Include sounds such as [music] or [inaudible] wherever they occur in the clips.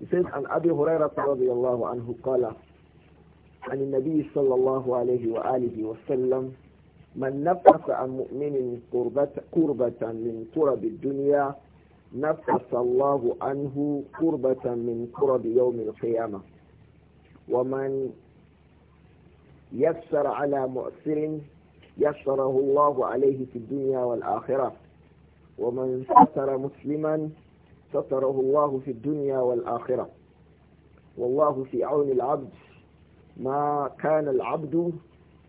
يسيد عن أبي هريرة رضي الله عنه قال عن النبي صلى الله عليه وآله وسلم من نفس عن مؤمن قربة, قربة من قرب الدنيا نفس الله عنه قربة من قرب يوم القيامة ومن يسر على مؤسر يسره الله عليه في الدنيا والآخرة ومن ستر مسلما ستره الله في الدنيا والآخرة والله في عون العبد ما كان العبد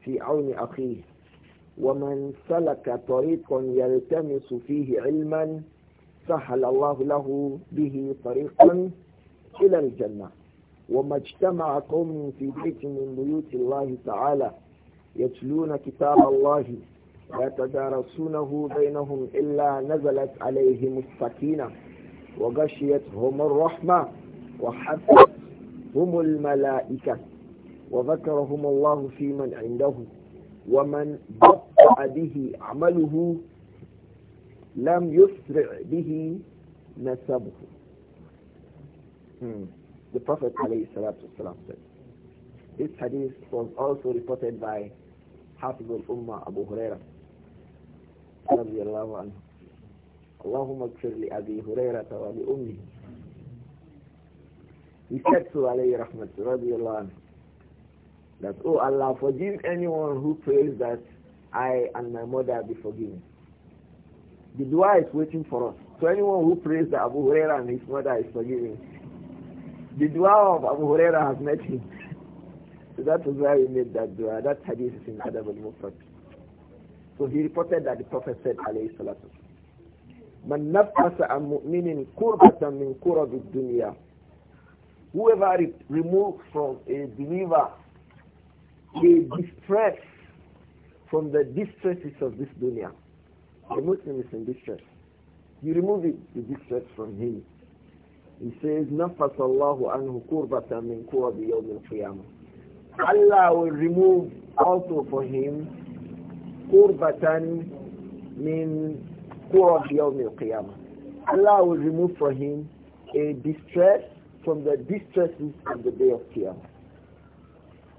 في عون أخيه ومن سلك طريقا يلتمس فيه علما سهل الله له به طريقا إلى الجنة وما اجتمع قوم في بيت من بيوت الله تعالى يتلون كتاب الله ويتدارسونه بينهم إلا نزلت عليهم السكينة وغشيتهم الرحمة وحفظهم الملائكة وذكرهم الله في من عنده ومن بطع به عمله لم يسرع به نسبه hmm. The Prophet والسلام, said This hadith was also reported by Hafiz al-Ummah Abu Huraira رضي الله عنه اللهم اغفر لأبي هريرة ولأمه He said to Ali Rahmat radiallahu anhu that, Oh Allah, forgive anyone who prays that I and my mother be forgiven. The dua is waiting for us. So anyone who prays that Abu Huraira and his mother is forgiven, the dua of Abu Huraira has met him. [laughs] so that was why we made that dua. That hadith is in Adab al So he reported that the Prophet said, alayhi salatu Man nafasa a mu'minin kurbatan min kurab dunya. Whoever removes from a believer a distress from the distresses of this dunya. The Muslim is in distress. You remove it, the distress from him. He says, نَفَّسَ اللَّهُ عَنْهُ كُرْبَةً مِنْ كُرَبِ يَوْمِ الْقِيَامَةِ Allah will remove also for him كُرْبَةً min qiyamah Allah will remove for him a distress from the distresses of the day of Qiyamah.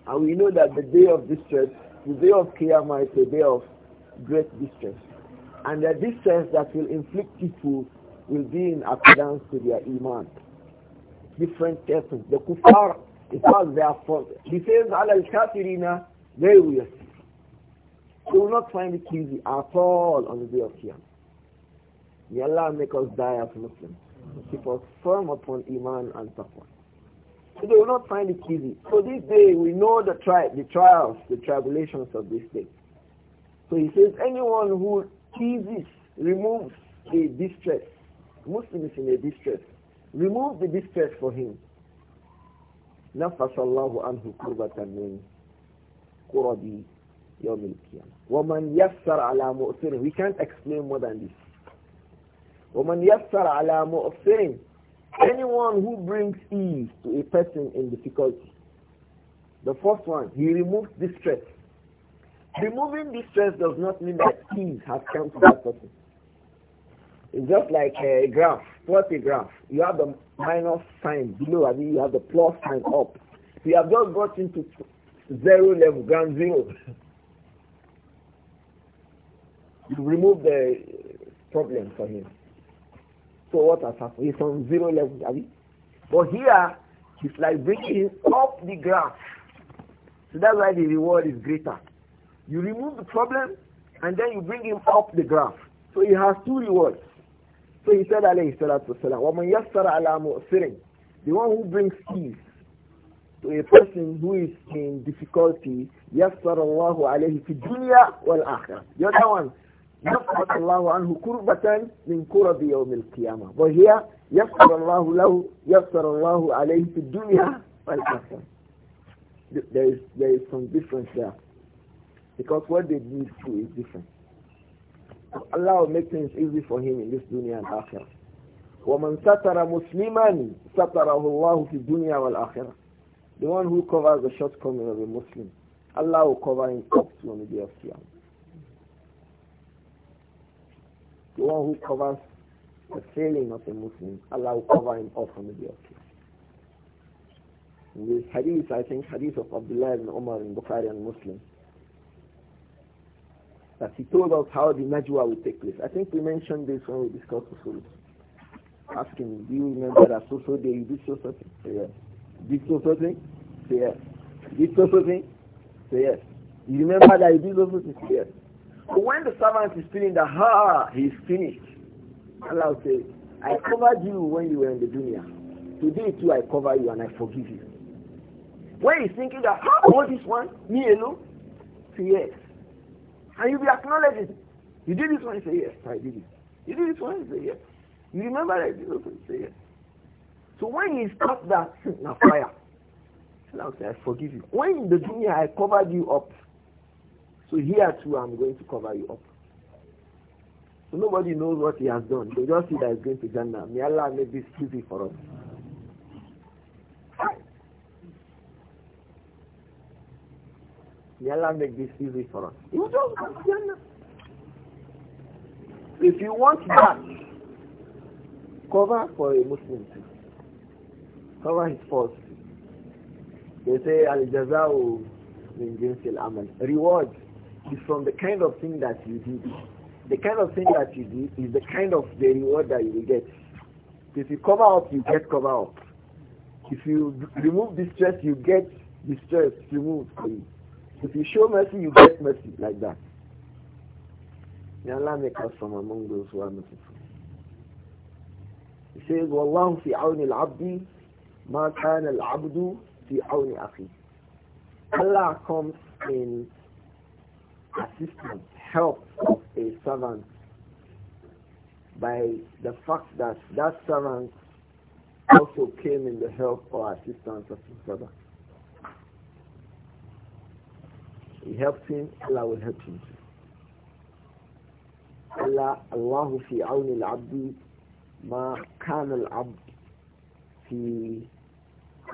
And we know that the day of distress, the day of Qiyamah is a day of great distress. And the distress that will inflict people will be in accordance to their iman. Different persons. The Kufar, it's not their fault. He says, al kafirina, they will. You will not find it easy at all on the day of Qiyamah. May Allah make us die as Muslims. Keep us firm upon Iman and Taqwa. So they will not find it easy. So this day we know the, tri the trials, the tribulations of this day. So he says anyone who teases, removes the distress, Muslim is in a distress, remove the distress for him. نفس anhu عنه كربة من كرب يوم Wa man يسر ala مؤثره we can't explain more than this وَمَنْ يَسَّرَ عَلَى مُؤْسِرٍ Anyone who brings ease to a person in difficulty. The first one, he removes distress. Removing distress does not mean that ease has come to that person. It's just like a graph, plot a graph. You have the minus sign below, I mean you have the plus sign up. you have just got into zero level, ground zero. You remove the problem for him. So what has happened? He's on zero level, are But here, it's like bringing up the graph. So that's why the reward is greater. You remove the problem, and then you bring him up the graph. So he has two rewards. So he said, alayhi salatu said وَمَنْ يَسَّرَ عَلَى مُؤْسِرٍ The one who brings ease to a person who is in difficulty, يَسَّرَ اللَّهُ عَلَيْهِ فِي الدُّنْيَا وَالْآخِرَةِ The other one, يغفر الله عنه كربة من كرب يوم القيامة وهي يغفر الله له يغفر الله عليه في الدنيا والآخرة there is, there is some difference there because what they did to is different Allah will make things easy for him in this dunya and akhirah ومن ستر مسلما ستره الله في الدنيا والآخرة the one who covers the shortcoming of a Muslim Allah will cover him up to on the day of Qiyamah The one who covers the failing of a Muslim, Allah will cover him off from the day of judgment. In this hadith, I think hadith of Abdullah ibn Umar in Bukhari and Muslim, that he told us how the Najwa will take place. I think we mentioned this when we discussed Usul. Asking, do you remember that so-so day you did so-so thing? Say yes. Did so-so thing? Say yes. Did so-so thing? Say yes. You remember that you did so-so thing? Say yes. So when the servant is feeling that, ha, he's finished, Allah will say, I covered you when you were in the dunya. Today too I cover you and I forgive you. When he's thinking that, how oh, this one, me alone? Say yes. And you'll be acknowledging. You did this one, say yes, I did it. You did this one, say yes. You remember that you did this say yes. So when he stopped that, [laughs] now fire. Allah will say, I forgive you. When in the dunya I covered you up, so here too, I'm going to cover you up. So nobody knows what he has done. They just see that he's going to Jannah. May Allah make this easy for us. May Allah make this easy for us. You don't want Jannah. If you want that, cover for a Muslim too. Cover his faults. They say, Al-Jaza'u min jinsil amal. Reward is from the kind of thing that you did. The kind of thing that you did is the kind of the reward that you will get. If you cover up, you get cover up. If you remove distress, you get distress removed for you. If you show mercy, you get mercy like that. May Allah make us from among those who are merciful. He says, وَاللَّهُ فِي عَوْنِ الْعَبْدِ مَا كَانَ الْعَبْدُ فِي عَوْنِ أَخِيهِ Allah comes in assistance, help of a servant by the fact that that servant also came in the help or assistance of his brother. He helped him, Allah will help him too. Allah, الله al عون ma ما al العبد fi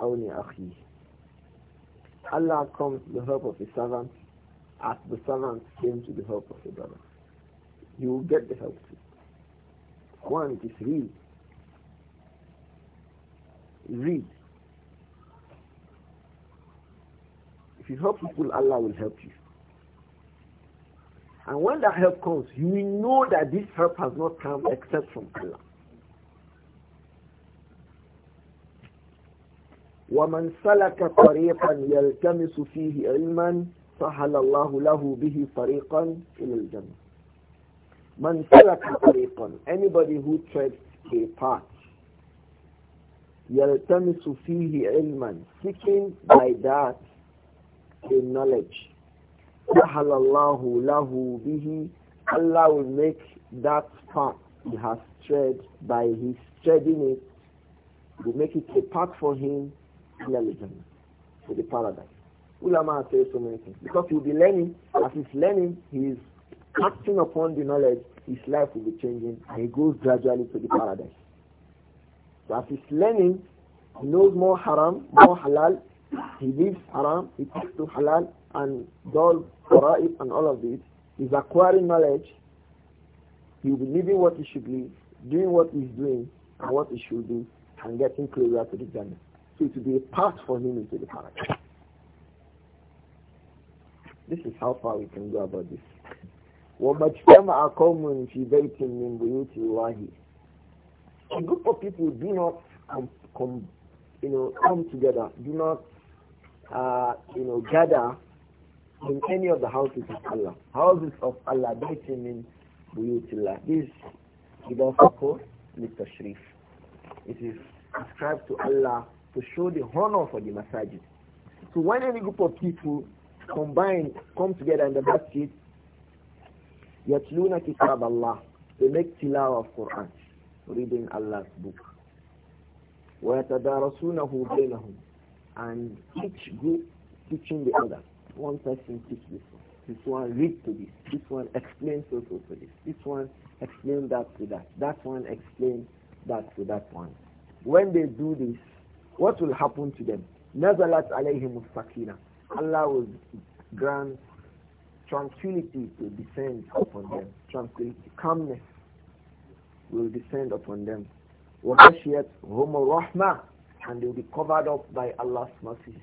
عون أخيه. Allah comes to the help of his servant as the servant came to the help of the brother. You will get the help too. One, it is read. Read. If you help people, Allah will help you. And when that help comes, you will know that this help has not come except from Allah. وَمَنْ سَلَكَ طَرِيقًا يَلْتَمِسُ فِيهِ عِلْمًا سهل الله له به طريقا إلى الجنة من سلك طريقا anybody who treads a path يلتمس فيه علما seeking by that a knowledge سهل الله له به Allah will make that path he has tread by his treading it will make it a path for him in the to the paradise Ulama says so many things. Because he'll be learning. As he's learning, he is acting upon the knowledge. His life will be changing and he goes gradually to the paradise. So as he's learning, he knows more haram, more halal. He leaves haram, he takes to halal and does fara'ib and all of this. He's acquiring knowledge. He'll be living what he should live, doing what he's doing and what he should do and getting closer to the Jannah. So it will be a path for him into the paradise. This is how far we can go about this. [laughs] وَمَجْتَمَعَ قَوْمٌ فِي بَيْتٍ مِّن بُيُوتِ اللَّهِ A group of people do not come, um, come, you know, come together, do not uh, you know, gather in any of the houses of Allah. Houses of Allah, بَيْتٍ مِّن بُيُوتِ اللَّهِ This is also للتشريف. It is ascribed to Allah to show the honor for the masajid. So when any group of people combined come together in the masjid yatluna kitab Allah they make tilawa of Quran reading Allah's book ويتدارسونه بينهم and each group teaching the other one person teach this one this one read to this this one explains so to this this one explain that to that that one explain that to that one when they do this what will happen to them نزلت عليهم السكينة Allah will grant tranquility to descend upon them. Tranquility, calmness will descend upon them. وَكَشِيَتْ هُمُ الرَّحْمَةِ And they will be covered up by Allah's mercy.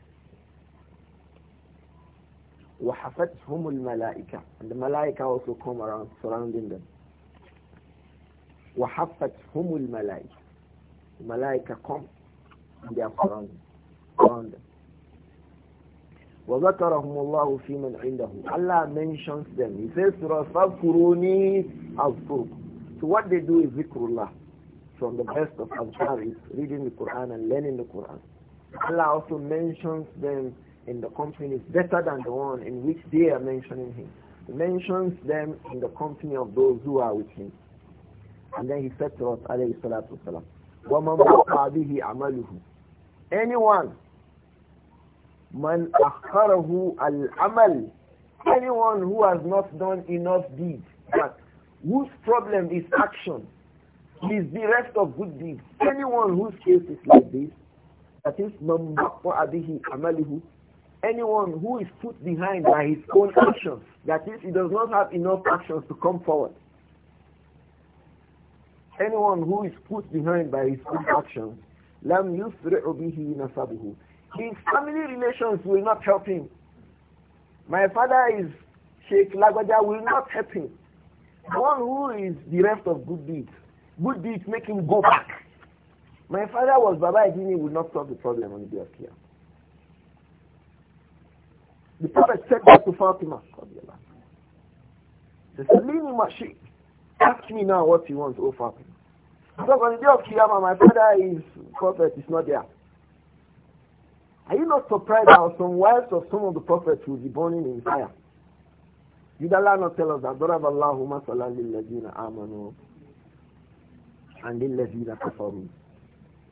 وَحَفَتْهُمُ الْمَلَائِكَةِ And the malaika also come around, surrounding them. وَحَفَتْهُمُ الْمَلَائِكَةِ The malaika come and they are surrounding, around them. وَذَكَرَهُمُ اللَّهُ فِي مَنْ عِنْدَهُ Allah mentions them. He says to us, al أَذْكُرُكُمْ So what they do is zikrullah. From the best of Azkar is reading the Quran and learning the Quran. Allah also mentions them in the company is better than the one in which they are mentioning him. He mentions them in the company of those who are with him. And then he said to us, alayhi salatu wasalam, وَمَنْ بَقَى بِهِ عَمَلُهُ Anyone Man akharahu al-amal. Anyone who has not done enough deeds, but whose problem is action, is the rest of good deeds. Anyone whose case is like this, that is man abihi amalihu, anyone who is put behind by his own actions, that is, he does not have enough actions to come forward. Anyone who is put behind by his own actions, lam yusri'u bihi nasabuhu. His family relations will not help him. My father is Sheikh Lagwaja will not help him. one who is bereft of good deeds, good deeds make him go back. My father was Baba Edini would not solve the problem on the day of Qiyam. The Prophet said that to Fatima. He said, Lean Ask me now what you want, O Fatima. Because on the day of Qiyamah, my father is prophet, is not there. Are you not surprised that some wives of some of the prophets will be burning in fire? Did Allah not tell us that? ضرب الله مثلا للذين آمنوا and for me.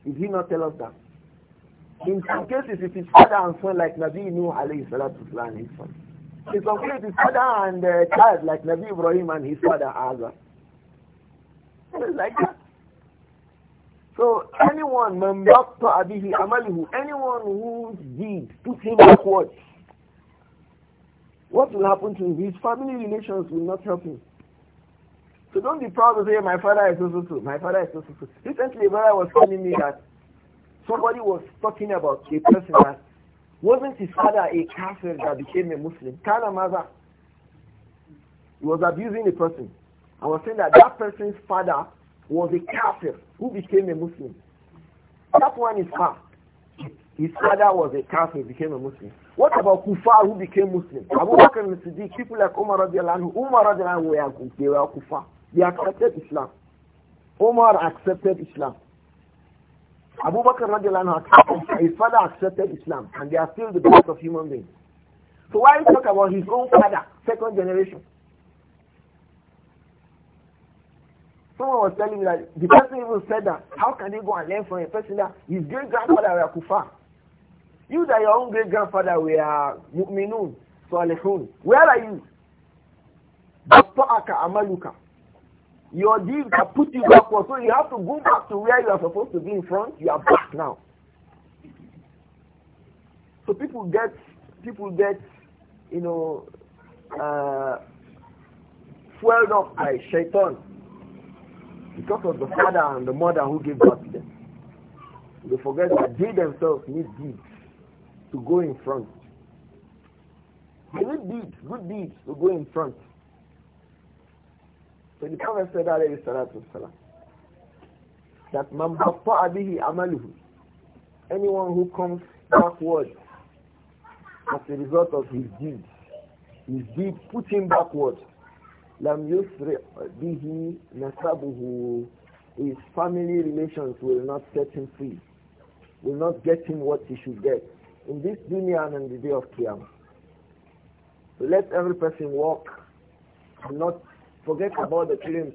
Did He not tell us that? In some cases, it is father and son like Nabi Nuh alayhi salatu and his son. In some cases, it is father and uh, child like Nabi Ibrahim and his father Azar. Like that. So anyone, Mambakta Abihi Amalihu, anyone whose deed puts him backwards, what will happen to him? His family relations will not help him. So don't be proud to say, my father is so, so, My father is so, so, Recently, a brother was telling me that somebody was talking about a person that wasn't his father a kafir that became a Muslim. Kana mother. He was abusing a person. I was saying that that person's father was a kafir who became a Muslim. That one is hard. His father was a kafir, became a Muslim. What about Kufar who became Muslim? Abu Bakr and Siddiq, people like Umar radiallahu anhu, Umar radiallahu Anhu they were Kufar. They accepted Islam. Umar accepted Islam. Abu Bakr radiallahu anhu, his father accepted Islam and they are still the best of human beings. So why you talk about his own father, second generation? Someone was telling me that the person even said that, how can they go and learn from a person that his great grandfather were kufar? You that your own great grandfather were mu'minun, salihun. Where are you? Aka amaluka. Your deeds have put you backward, so you have to go back to where you are supposed to be in front. You are back now. So people get, people get, you know, uh, fueled up by shaitan because of the father and the mother who gave birth to them. They forget that they themselves need deeds to go in front. They need deeds, good deeds to go in front. So the Prophet said, alayhi salatu wasalam, that man bihi amaluhu, anyone who comes backward as a result of his deeds, his deeds put him backward. لم يسرع به نسبه his family relations will not set him free will not get him what he should get in this dunya and in the day of Qiyamah let every person walk and not forget about the claims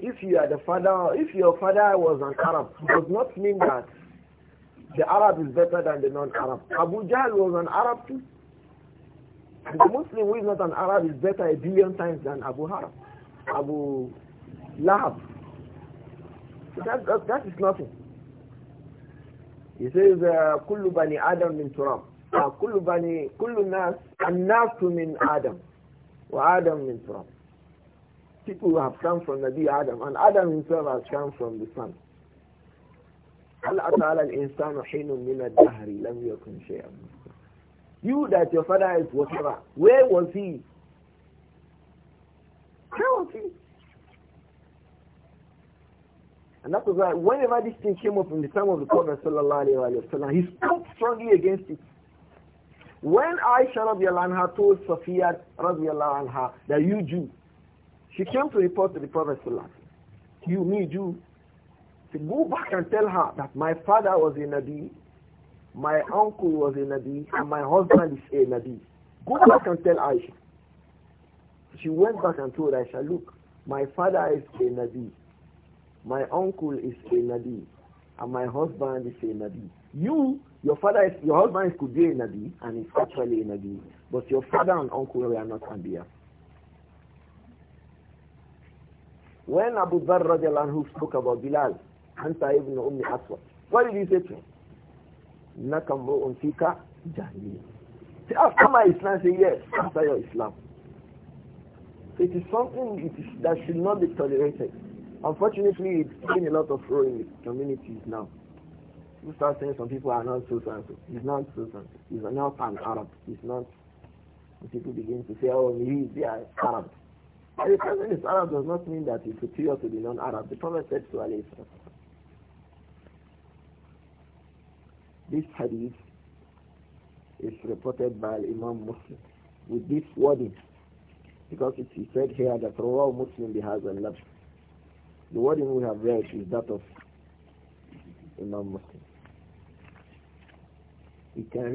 if you are the father if your father was an Arab does not mean that the Arab is better than the non-Arab Abu Jahl was an Arab too the Muslim who is not an Arab is better a billion times than Abu Harab, Abu Lahab. that, that, that is nothing. He says, كل بني آدم من تراب كل بني كل الناس الناس من آدم وآدم من تراب people who have come from Nabi Adam and Adam himself has come from the sun هل أتى الإنسان حين من الدهر لم يكن شيئا you that your father is whatever. Where was he? Where was he? And that was why whenever this thing came up in the time of the Prophet wasallam, he spoke strongly against it. When Aisha anha told Safiya anha that you Jew, she came to report to the Prophet wasallam, you me Jew, to go back and tell her that my father was a Nabi my uncle was a Nabi and my husband is a Nabi. Go back and tell Aisha. She went back and told Aisha, look, my father is a Nabi, my uncle is a Nabi, and my husband is a Nabi. You, your father, is, your husband could be a Nabi, and is actually a Nabi, but your father and uncle were not Anbiya. When Abu Dharr spoke about Bilal, Anta ibn Ummi Aswad, what did he say to him? Nakamro unfika jahili. Say, after my Islam, say yes, after your Islam. It is something it is, that should not be tolerated. Unfortunately, it's been a lot of row in the communities now. You start saying some people are not so and so. He's not so and so. He's not an Arab. He's not. And people begin to say, oh, he's they are Arab. And the person is Arab does not mean that he's superior to the non-Arab. The Prophet said to so, Alayhi This hadith is reported by Imam Muslim with this wording because it is said here that Rawah Muslim has a love. The wording we have read is that of Imam Muslim. It can read